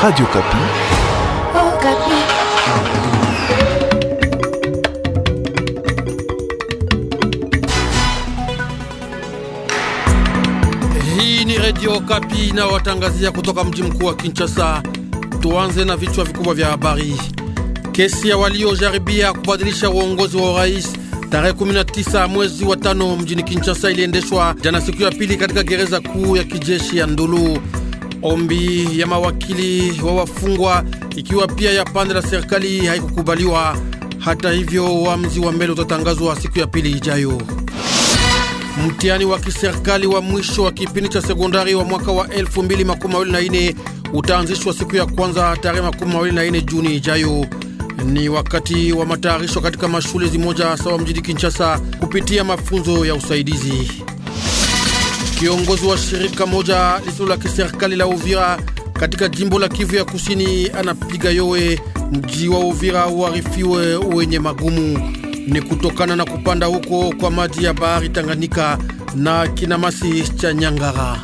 Radio Kapi. Oh, Kapi. Hii ni Radio Kapi na watangazia kutoka mji mkuu wa Kinshasa. Tuanze na vichwa vikubwa vya habari. Kesi ya waliojaribia kubadilisha uongozi wa rais tarehe 19 mwezi wa tano mjini Kinshasa iliendeshwa jana siku ya pili katika gereza kuu ya kijeshi ya Ndulu. Ombi ya mawakili wa wafungwa ikiwa pia ya pande la serikali haikukubaliwa. Hata hivyo, uamuzi wa mbele utatangazwa siku ya pili ijayo. Mtihani wa kiserikali wa mwisho wa kipindi cha sekondari wa mwaka wa 2024 utaanzishwa siku ya kwanza tarehe 24 Juni ijayo. Ni wakati wa matayarisho katika mashule zimoja sawa mjini Kinshasa kupitia mafunzo ya usaidizi. Kiongozi wa shirika moja lisilo la kiserikali la Uvira katika jimbo la Kivu ya Kusini anapiga yowe mji wa Uvira uharifiwe wenye magumu. Ni kutokana na kupanda huko kwa maji ya bahari Tanganyika na kinamasi cha Nyangara.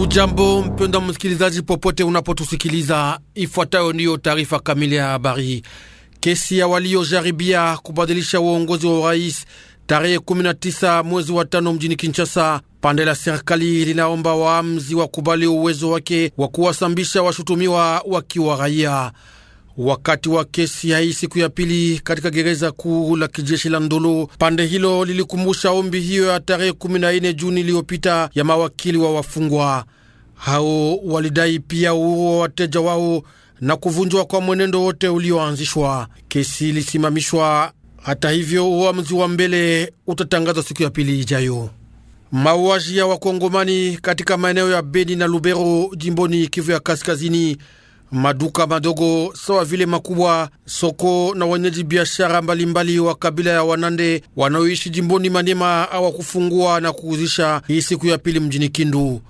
Ujambo mpenda msikilizaji, popote unapotusikiliza, ifuatayo ndiyo taarifa kamili ya habari. Kesi ya waliojaribia kubadilisha uongozi wa urais tarehe 19 mwezi wa tano mjini Kinshasa. Pande la serikali linaomba waamzi wakubali uwezo wake wa kuwasambisha washutumiwa wakiwa raia. Wakati wa kesi ya hii siku ya pili katika gereza kuu la kijeshi la Ndolo, pande hilo lilikumbusha ombi hiyo ya tarehe 14 Juni iliyopita ya mawakili wa wafungwa hao. Walidai pia uhuru wa wateja wao na kuvunjwa kwa mwenendo wote ulioanzishwa. Kesi ilisimamishwa hata hivyo uamuzi wa mbele utatangazwa siku ya pili ijayo. Mauaji ya wakongomani katika maeneo ya Beni na Lubero jimboni Kivu ya Kaskazini, maduka madogo sawa vile makubwa, soko na wenyeji biashara mbalimbali wa kabila ya Wanande wanaoishi jimboni manema hawakufungua na kuuzisha hii siku ya pili mjini Kindu,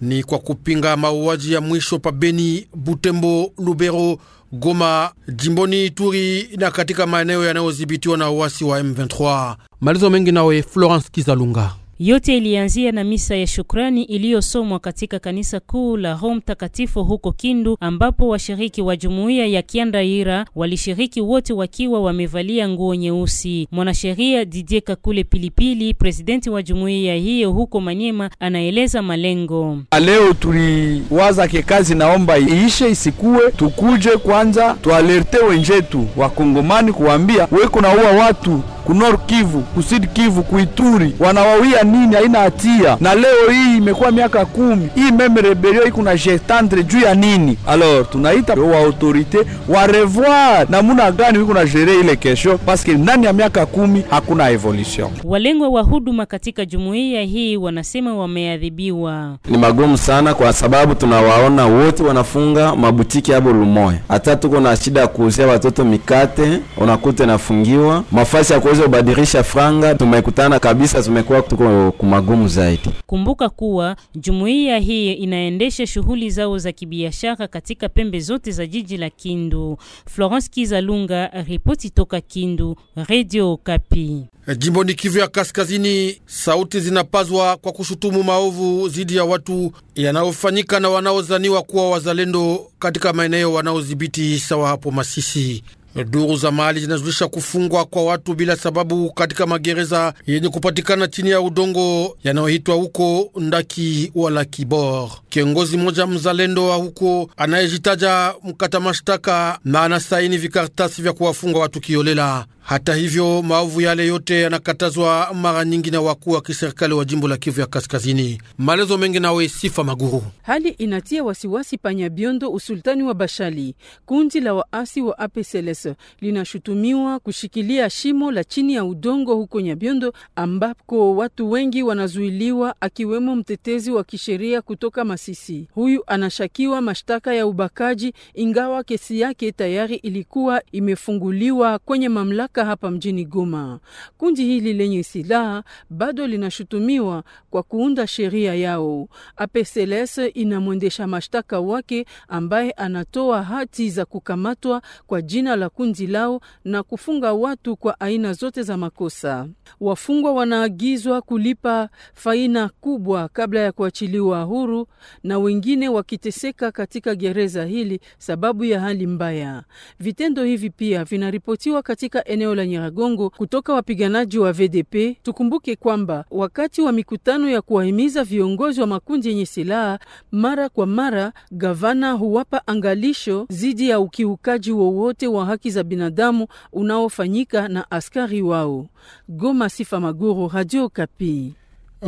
ni kwa kupinga mauaji ya mwisho pa Beni, Butembo, Lubero Goma, jimboni Ituri na katika maeneo yanayodhibitiwa na uasi wa M23. Malizo mengi nawe Florence Kizalunga. Yote ilianzia na misa ya shukrani iliyosomwa katika kanisa kuu la Roho Mtakatifu huko Kindu, ambapo washiriki wa jumuiya ya Kiandaira walishiriki wote wakiwa wamevalia nguo nyeusi. Mwanasheria Didier Kakule Pilipili, presidenti wa jumuiya hiyo huko manyema anaeleza malengo. Leo tuliwaza ke kazi naomba iishe isikue, tukuje kwanza tualerte wenjetu wakongomani kuwambia weko na uwa watu kunor Kivu, kusidi Kivu, kuituri wanawawia nini? Haina hatia, na leo hii imekuwa miaka kumi hii meme rebelio iko na jetandre juu ya nini? Alors tunaita wa autorite wa revoir namuna gani iko na jere ile kesho, paske ndani ya miaka kumi hakuna evolution. Walengwa wa huduma katika jumuiya hii wanasema wameadhibiwa, ni magumu sana, kwa sababu tunawaona wote wanafunga mabutiki hapo Lumoya. Hata tuko na shida ya kuuzia watoto mikate, unakuta inafungiwa mafasi ya kuweza kubadilisha franga, tumekutana kabisa, tumekuwa tuko kumagumu zaidi. Kumbuka kuwa jumuiya hii inaendesha shughuli zao za kibiashara katika pembe zote za jiji la Kindu. Florence Kizalunga, ripoti toka Kindu, Radio Kapi. Eh, ni Kivu ya Kaskazini, sauti zinapazwa kwa kushutumu maovu dhidi ya watu yanayofanyika na wanaozaniwa kuwa wazalendo katika maeneo wanaodhibiti sawa hapo Masisi. Duru za mali zinazulisha kufungwa kwa watu bila sababu katika magereza yenye kupatikana chini ya udongo yanayoitwa huko Ndaki wala Kibor. Kiongozi mmoja mzalendo wa huko anayejitaja mkata mashtaka na anasaini vikaratasi vya kuwafunga watu kiolela. Hata hivyo, maovu yale yote yanakatazwa mara nyingi na wakuu wa kiserikali wa jimbo la Kivu ya Kaskazini. Maelezo mengi nawe Sifa Maguru. Hali inatia wasiwasi panya Biondo, usultani wa Bashali. Kundi la waasi wa APCLS Express linashutumiwa kushikilia shimo la chini ya udongo huko Nyabiondo ambapo watu wengi wanazuiliwa akiwemo mtetezi wa kisheria kutoka Masisi. Huyu anashakiwa mashtaka ya ubakaji ingawa kesi yake tayari ilikuwa imefunguliwa kwenye mamlaka hapa mjini Goma. Kundi hili lenye silaha bado linashutumiwa kwa kuunda sheria yao. APCLS inamwendesha mashtaka wake ambaye anatoa hati za kukamatwa kwa jina la kundi lao na kufunga watu kwa aina zote za makosa. Wafungwa wanaagizwa kulipa faina kubwa kabla ya kuachiliwa huru, na wengine wakiteseka katika gereza hili sababu ya hali mbaya. Vitendo hivi pia vinaripotiwa katika eneo la Nyiragongo kutoka wapiganaji wa VDP. Tukumbuke kwamba wakati wa mikutano ya kuwahimiza viongozi wa makundi yenye silaha, mara kwa mara gavana huwapa angalisho dhidi ya ukiukaji wowote wa haki haki za binadamu unaofanyika na askari wao. Goma, Sifa Maguru, Radio Kapi.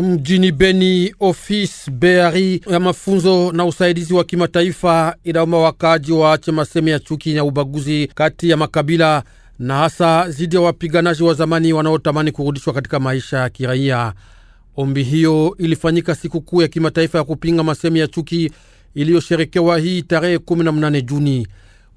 Mjini Beni, ofisi beari ya mafunzo na usaidizi wa kimataifa inaomba wakaaji waache masemi ya chuki na ubaguzi kati ya makabila na hasa dhidi ya wapiganaji wa zamani wanaotamani kurudishwa katika maisha ya kiraia. Ombi hiyo ilifanyika siku kuu ya kimataifa ya kupinga masemi ya chuki iliyosherekewa hii tarehe 18 Juni.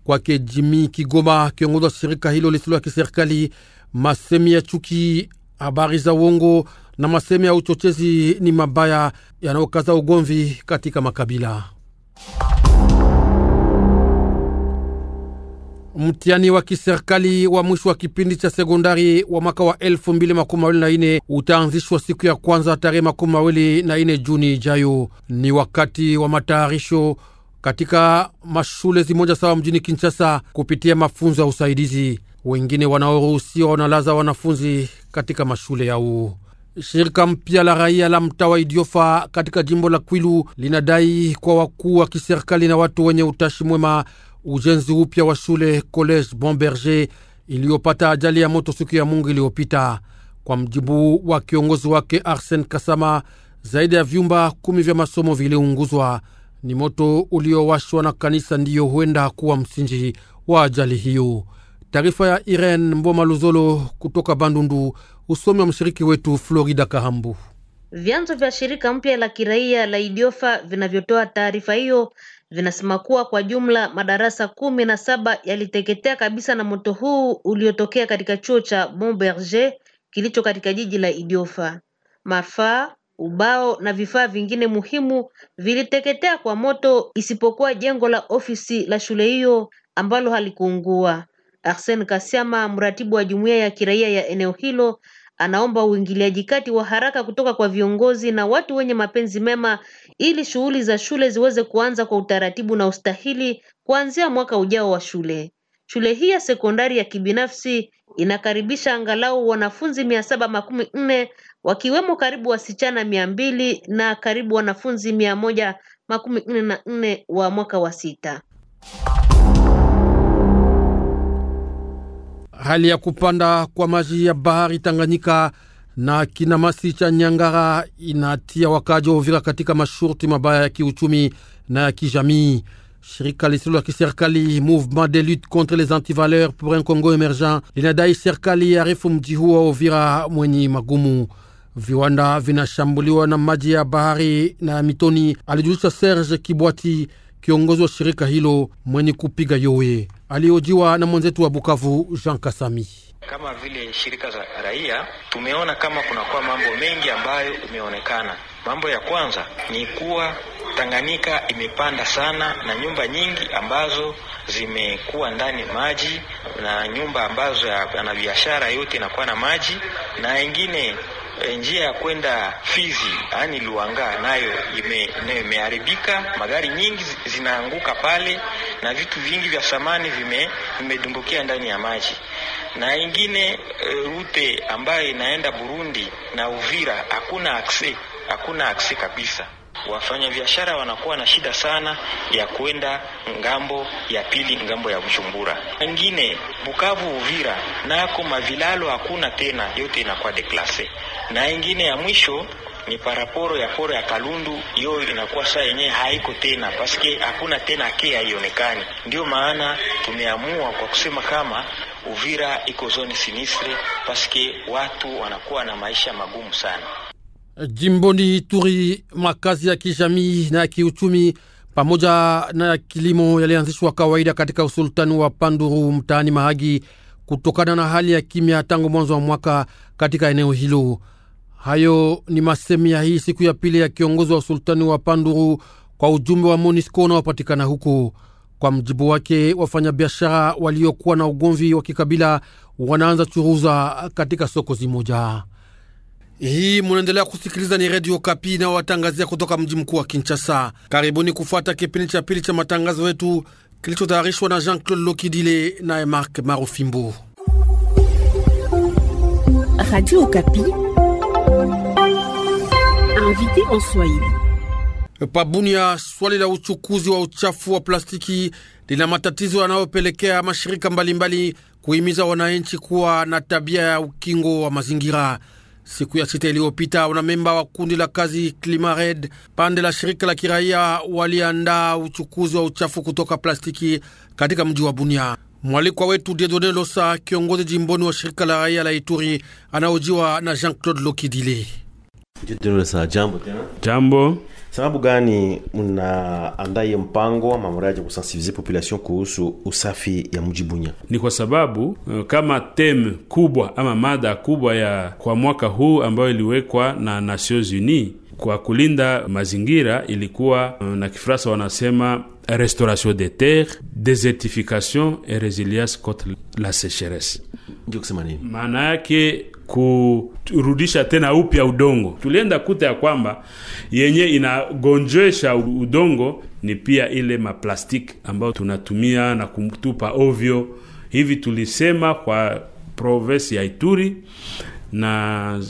Kwake Jimi Kigoma, kiongozi wa shirika hilo lisilo ya kiserikali, masemi ya chuki, habari za uongo na masemi ya uchochezi ni mabaya yanayokaza ugomvi katika makabila. Mtihani wa kiserikali wa mwisho wa kipindi cha sekondari wa mwaka wa elfu utaanzishwa siku ya kwanza tarehe 24 Juni ijayo. Ni wakati wa matayarisho katika mashule zimoja sawa mjini Kinshasa kupitia mafunzo ya usaidizi. Wengine wanaoruhusiwa wanalaza wanafunzi katika mashule yao. Shirika mpya la raia la wa Idiofa katika jimbo la Kwilu linadai kwa wakuu wa kiserikali na watu wenye utashi mwema ujenzi upya wa shule College Bomberger iliyopata ajali ya moto siku ya Mungu iliyopita. Kwa mjibu wa kiongozi wake Arsen Kasama, zaidi ya vyumba kumi vya masomo viliunguzwa. Ni moto uliowashwa na kanisa ndiyo huenda kuwa msingi wa ajali hiyo. Taarifa ya Irene Mboma Luzolo kutoka Bandundu, usomi wa mshiriki wetu Florida Kahambu. Vyanzo vya shirika mpya la kiraia la Idiofa vinavyotoa taarifa hiyo vinasema kuwa kwa jumla madarasa kumi na saba yaliteketea kabisa na moto huu uliotokea katika chuo cha Bon kilicho katika jiji la Idiofa. Mafaa, ubao na vifaa vingine muhimu viliteketea kwa moto isipokuwa jengo la ofisi la shule hiyo ambalo halikuungua. Arsen Kasiama, mratibu wa jumuiya ya kiraia ya eneo hilo, anaomba uingiliaji kati wa haraka kutoka kwa viongozi na watu wenye mapenzi mema ili shughuli za shule ziweze kuanza kwa utaratibu na ustahili kuanzia mwaka ujao wa shule. Shule hii ya sekondari ya kibinafsi inakaribisha angalau wanafunzi mia saba makumi nne wakiwemo karibu wasichana mia mbili na karibu wanafunzi mia moja makumi nne na nne wa mwaka wa sita. Hali ya kupanda kwa maji ya bahari Tanganyika na kinamasi cha Nyangara inatia wakaji wa Uvira katika masharti mabaya ya kiuchumi na ya kijamii. Shirika lisilo la kiserikali Mouvement de Lutte contre les Antivaleurs pour un Congo Emergent linadai serikali yarifu mji huo Uvira mwenye magumu. Viwanda vinashambuliwa na maji ya bahari na mitoni, alijulisha Serge Kibwati, kiongozi wa shirika hilo mwenye kupiga yowe, aliojiwa na mwenzetu wa Bukavu Jean Kasami. Kama vile shirika za raia tumeona kama kunakuwa mambo mengi ambayo imeonekana Mambo ya kwanza ni kuwa Tanganyika imepanda sana na nyumba nyingi ambazo zimekuwa ndani maji na nyumba ambazo yana biashara yote inakuwa na maji na ingine eh, njia ya kwenda Fizi yani Luanga nayo ime, nayo imeharibika. Magari nyingi zinaanguka pale na vitu vingi vya samani vime vimedumbukia ndani ya maji. Na ingine eh, rute ambayo inaenda Burundi na Uvira hakuna akse hakuna aksi kabisa. Wafanyabiashara wanakuwa na shida sana ya kwenda ngambo ya pili, ngambo ya Bujumbura, wengine Bukavu, Uvira nako mavilalo hakuna tena, yote inakuwa deklase. Na ingine ya mwisho ni paraporo ya poro ya Kalundu, hiyo inakuwa saa yenyewe haiko tena, paske hakuna tena ke haionekani. Ndio maana tumeamua kwa kusema kama Uvira iko zoni sinistre, paske watu wanakuwa na maisha magumu sana. Jimboni Ituri, makazi ya kijamii na ya kiuchumi pamoja na ya kilimo yalianzishwa kawaida katika usultani wa Panduru mtaani Mahagi kutokana na hali ya kimya tangu mwanzo wa mwaka katika eneo hilo. Hayo ni masemi ya hii siku ya pili ya kiongozi wa usultani wa Panduru kwa ujumbe wa MONUSCO unaopatikana huko. Kwa mjibu wake, wafanyabiashara waliokuwa na ugomvi wa kikabila wanaanza churuza katika soko zimoja. Hii munaendelea kusikiliza ni redio Kapi inayowatangazia kutoka mji mkuu wa Kinshasa. Karibuni kufuata kipindi cha pili cha matangazo yetu kilichotayarishwa na Jean Claude Lokidile naye marc Marofimbo. Pabunia, swali la uchukuzi wa uchafu wa plastiki lina matatizo yanayopelekea mashirika mbalimbali kuhimiza wananchi kuwa na tabia ya ukingo wa mazingira. Siku ya sita iliyopita, wanamemba wa kundi la kazi Climared pande la shirika la kiraia waliandaa uchukuzi wa uchafu kutoka plastiki katika mji wa Bunia. Mwalikwa wetu Dedone Losa, kiongozi jimboni wa shirika la raia la Ituri, anaojiwa na Jean Claude Lokidile jambo tena. Jambo. Sababu gani mnaandaa hiyo mpango ama mradi kusensibilize population kuhusu usafi ya mji Bunya? Ni kwa sababu eh, kama teme kubwa ama mada kubwa ya kwa mwaka huu ambayo iliwekwa na Nations Unies kwa kulinda mazingira ilikuwa eh, na Kifaransa wanasema restauration de terre desertification et resilience contre la sécheresse. Maana yake kurudisha tena upya udongo. Tulienda kuta ya kwamba yenye inagonjesha udongo ni pia ile maplastiki ambayo tunatumia na kutupa ovyo. Hivi tulisema kwa provesi ya Ituri na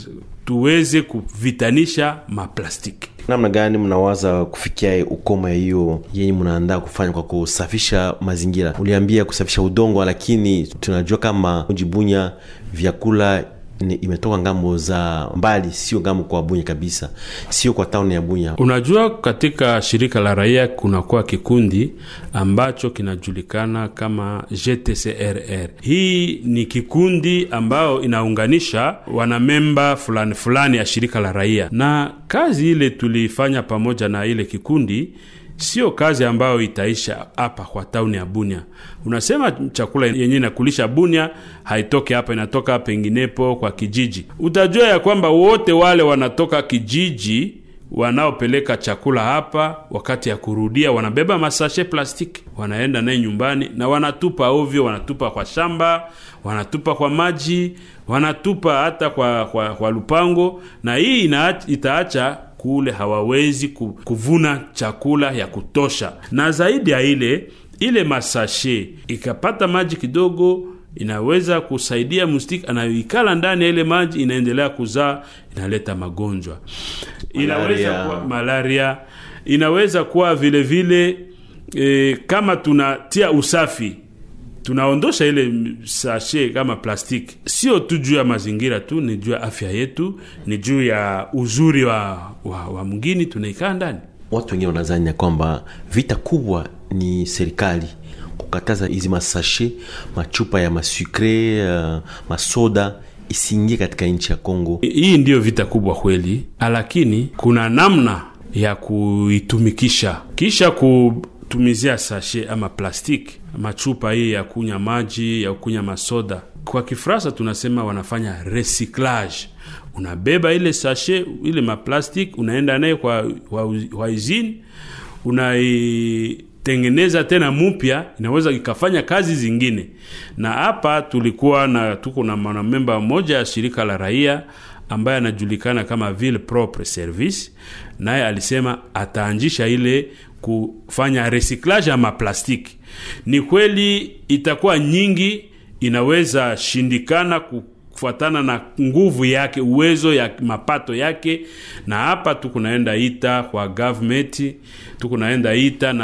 tuweze kuvitanisha maplastiki. Namna gani mnawaza kufikia ukoma hiyo yenye mnaandaa kufanya kwa kusafisha mazingira? Uliambia kusafisha udongo, lakini tunajua kama Jibunya vyakula ni imetoka ngambo za mbali, sio ngambo kwa Bunya kabisa, sio kwa tauni ya Bunya. Unajua, katika shirika la raia kunakuwa kikundi ambacho kinajulikana kama GTCRR. Hii ni kikundi ambao inaunganisha wanamemba fulani fulani ya shirika la raia, na kazi ile tulifanya pamoja na ile kikundi sio kazi ambayo itaisha hapa kwa tauni ya Bunia. Unasema chakula yenyewe inakulisha Bunia haitoke hapa, inatoka penginepo kwa kijiji. Utajua ya kwamba wote wale wanatoka kijiji wanaopeleka chakula hapa, wakati ya kurudia wanabeba masashe plastiki, wanaenda naye nyumbani na wanatupa ovyo, wanatupa kwa shamba, wanatupa kwa maji, wanatupa hata kwa, kwa, kwa lupango, na hii itaacha kule hawawezi kuvuna chakula ya kutosha, na zaidi ya ile ile masashe ikapata maji kidogo inaweza kusaidia mustik anayoikala ndani ya ile maji, inaendelea kuzaa, inaleta magonjwa, inaweza kuwa malaria, inaweza kuwa vile vile e, kama tunatia usafi tunaondosha ile sashe kama plastiki, sio tu juu ya mazingira tu, ni juu ya afya yetu, ni juu ya uzuri wa, wa, wa mgini tunaikaa ndani. Watu wengine wanazania kwamba vita kubwa ni serikali kukataza hizi masashe machupa ya masukre uh, masoda isiingie katika nchi ya Kongo. Hii ndiyo vita kubwa kweli, lakini kuna namna ya kuitumikisha kisha ku tumizia sashe ama plastiki, machupa hii ya kunya maji, ya kunya masoda. Kwa Kifaransa tunasema wanafanya recyclage. Unabeba ile sashe ile maplastik, unaenda naye kwa waizini, unaitengeneza tena mupya, inaweza ikafanya kazi zingine. Na hapa tulikuwa na tuko na mwanamemba mmoja ya shirika la raia ambaye anajulikana kama Ville Propre Service, naye alisema ataanjisha ile kufanya recyclage ya maplastiki. Ni kweli itakuwa nyingi, inaweza shindikana kufuatana na nguvu yake, uwezo ya mapato yake, na hapa tukunaenda ita kwa government, tukunaenda ita na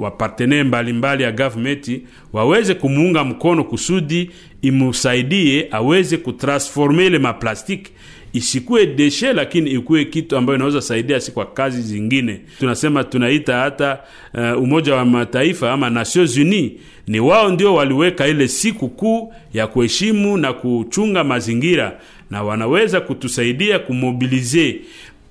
wapartenere mbalimbali ya government waweze kumuunga mkono kusudi imusaidie aweze kutransforme ile maplastiki isikuwe deshe, lakini ikuwe kitu ambayo inaweza saidia si kwa kazi zingine. Tunasema tunaita hata uh, Umoja wa Mataifa ama Nations Unies, ni wao ndio waliweka ile siku kuu ya kuheshimu na kuchunga mazingira, na wanaweza kutusaidia kumobilize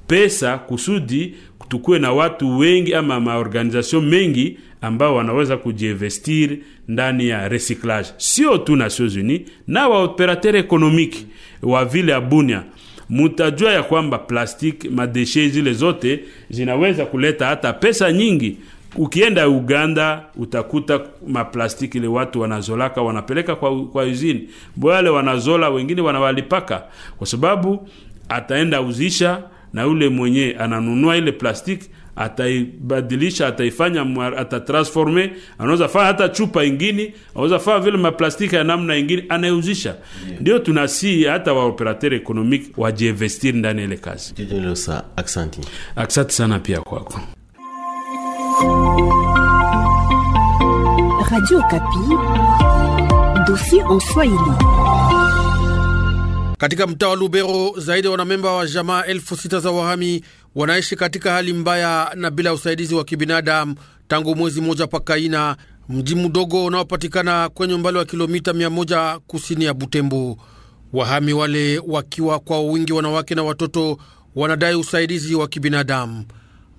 pesa kusudi tukuwe na watu wengi ama maorganization mengi ambao wanaweza kujiinvestir ndani ya recyclage, sio tu Nations Unies na waoperateur economique wa vile ya Bunia mutajua ya kwamba plastiki, madeshe zile zote zinaweza kuleta hata pesa nyingi. Ukienda Uganda utakuta maplastiki ile watu wanazolaka wanapeleka kwa, kwa usini bwale, wanazola, wengine wanawalipaka kwa sababu ataenda uzisha na ule mwenye ananunua ile plastiki ataibadilisha, ataifanya, atatransforme. Anaweza faa hata chupa ingine, anaweza faa vile maplastiki ya namna ingine, anayeuzisha yeah. tunasii hata waoperateur ekonomiki wajiinvestir ndani ile kazi. Aksanti, sana pia kwako. Katika mtaa wa Lubero zaidi ya wanamemba wa jamaa elfu sita za wahami wanaishi katika hali mbaya na bila usaidizi wa kibinadamu tangu mwezi mmoja Pakaina, mji mdogo unaopatikana kwenye umbali wa kilomita mia moja kusini ya Butembo. Wahami wale wakiwa kwa wingi wanawake na watoto wanadai usaidizi wa kibinadamu.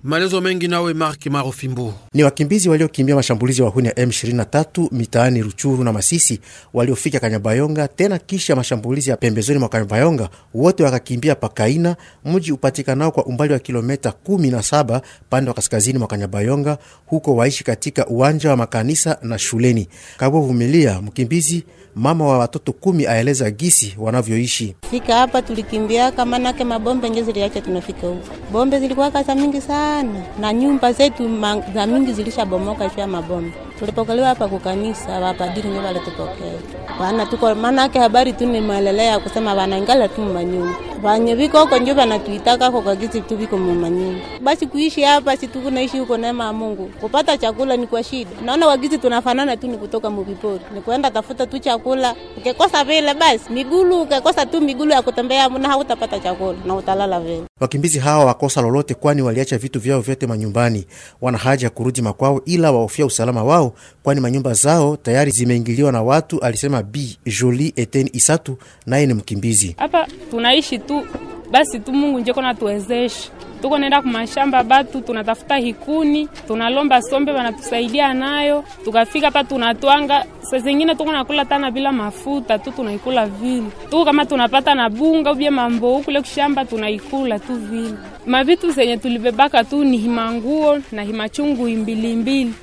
Maelezo mengi nawe Mark Marofimbo. Ni wakimbizi waliokimbia mashambulizi ya wahuni ya M23 mitaani Ruchuru na Masisi waliofika Kanyabayonga tena kisha mashambulizi ya pembezoni mwa Kanyabayonga, wote wakakimbia Pakaina, mji upatikanao kwa umbali wa kilometa 17 pande wa kaskazini mwa Kanyabayonga, huko waishi katika uwanja wa makanisa na shuleni. Kabwa mkimbizi mama wa watoto kumi aeleza gisi wanavyoishi. Fika hapa tulikimbia kamanake mabombe nje ziliacha, tunafika huko bombe zilikuwa kaza mingi sana, na nyumba zetu za mingi zilishabomoka shua mabombe. Tulipokelewa hapa kukanisa, wapadiri ndio walitupokea, wana tuko manake habari tu ni malelea kusema wanaingala tu manyumba Vanye viko huko njo vanatuitaka huko kwa kizi tuviko mumanyingi. Basi kuishi hapa si tuko naishi huko neema ya Mungu. Kupata chakula ni kwa shida. Naona wagizi tunafanana tu ni kutoka mvipori. Ni kwenda tafuta tu chakula. Ukikosa vile basi migulu ukakosa tu migulu ya kutembea na hautapata chakula na utalala vile. Wakimbizi hawa wakosa lolote, kwani waliacha vitu vyao vyote manyumbani. Wana haja ya kurudi makwao, ila wahofia usalama wao, kwani manyumba zao tayari zimeingiliwa na watu, alisema Bi Joli Eten Isatu, naye ni mkimbizi. Hapa tunaishi tu basi tu Mungu njeko natuwezesha, tuko nenda kumashamba batu tunatafuta hikuni, tunalomba sombe wanatusaidia nayo, tukafika pa tunatwanga. Saa zingine tuko nakula tana bila mafuta tu tunaikula vile tu, kama tunapata na bunga ubie mambo kule kushamba tunaikula tu vile. Mavitu zenye tulibebaka tu ni himanguo na himachungu imbilimbili,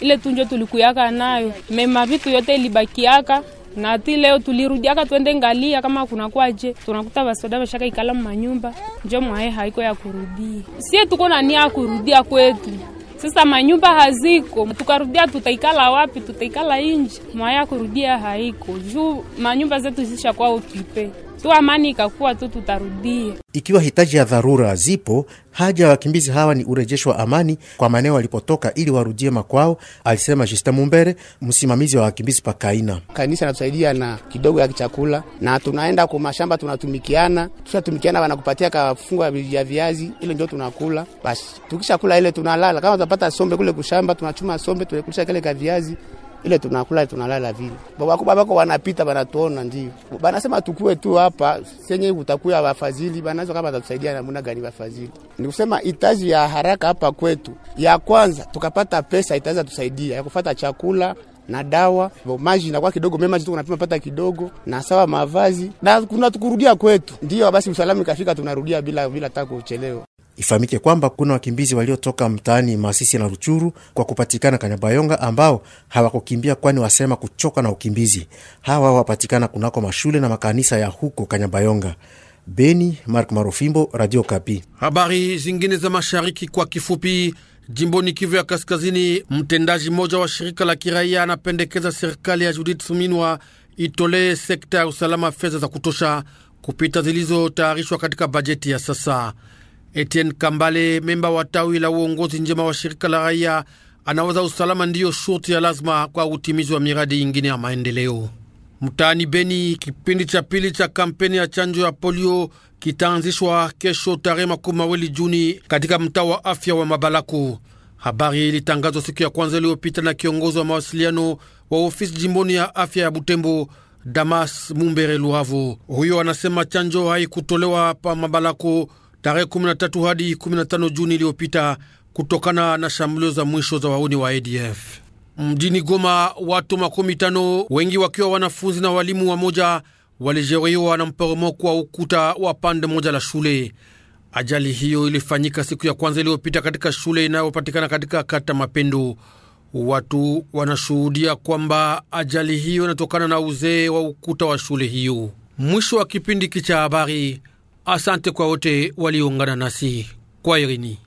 ile tunjo tulikuyaka nayo mema, vitu yote ilibakiaka na ati leo tulirudiaka twende ngalia kama kuna kwaje, tunakuta basoda bashaka ikala manyumba, njo mwae haiko ya kurudia. Sie tuko na nia ya kurudia kwetu sasa manyumba haziko, tukarudia tutaikala wapi? Tutaikala inji, ya kurudia haiko juu manyumba zetu zishakuwa okipe tu amani ikakuwa tu tutarudia. Ikiwa hitaji ya dharura zipo, haja ya wakimbizi hawa ni urejesho wa amani kwa maeneo walipotoka ili warudie makwao, alisema Justin Mumbere, msimamizi wa wakimbizi pakaina. Kanisa natusaidia na kidogo ya chakula, na tunaenda kwa mashamba, tunatumikiana. Tushatumikiana, wanakupatia kafunga ya viazi, ile ndio tunakula. Basi tukishakula ile tunalala, kama tunapata sombe kule kushamba, tunachuma sombe, tunakulisha kile ka viazi ile tunakula tunalala vile. Wakubwa bako wanapita wanatuona, ndio banasema tukue tu hapa, senye utakuya wafadhili banazo, kama watatusaidia namna gani wafadhili. Nikusema itaji ya haraka hapa kwetu, ya kwanza tukapata pesa itaweza tusaidia ya kufata chakula na dawa maji kwa kidogo mema jitu tunapima pata kidogo na sawa mavazi na kuna tukurudia kwetu, ndio basi msalamu ikafika, tunarudia bila bila taka kuchelewa. Ifahamike kwamba kuna wakimbizi waliotoka mtaani Masisi na Ruchuru kwa kupatikana Kanyabayonga ambao hawakukimbia kwani wasema kuchoka na ukimbizi. Hawa wapatikana kunako mashule na makanisa ya huko Kanyabayonga. Beni, Mark Marofimbo, Radio Kapi. Habari zingine za mashariki kwa kifupi. Jimboni Kivu ya Kaskazini, mtendaji mmoja wa shirika la kiraia anapendekeza serikali ya Judith Suminwa itolee sekta ya usalama fedha za kutosha kupita zilizotayarishwa katika bajeti ya sasa. Etienne Kambale, memba wa tawi la uongozi njema wa shirika la raia, anawaza usalama ndiyo shurti ya lazima kwa utimizi wa miradi ingine ya maendeleo. Mtaani Beni, kipindi cha pili cha kampeni ya chanjo ya polio kitaanzishwa kesho tarehe makumi mawili Juni katika mtaa wa afya wa Mabalaku. Habari ilitangazwa siku ya kwanza iliyopita na kiongozi wa mawasiliano wa ofisi jimboni ya afya ya Butembo, Damas Mumbere Luhavu. Huyo anasema chanjo haikutolewa pa Mabalaku tarehe 13 hadi 15 Juni iliyopita kutokana na shambulio za mwisho za wauni wa ADF mjini Goma. Watu makumi tano, wengi wakiwa wanafunzi na walimu wamoja, walijeruhiwa na mporomoko wa ukuta wa pande moja la shule. Ajali hiyo ilifanyika siku ya kwanza iliyopita katika shule inayopatikana katika kata Mapendo. Watu wanashuhudia kwamba ajali hiyo inatokana na uzee wa ukuta wa shule hiyo. Mwisho wa kipindi hiki cha habari. Asante kwa wote waliungana nasi kwa Irini.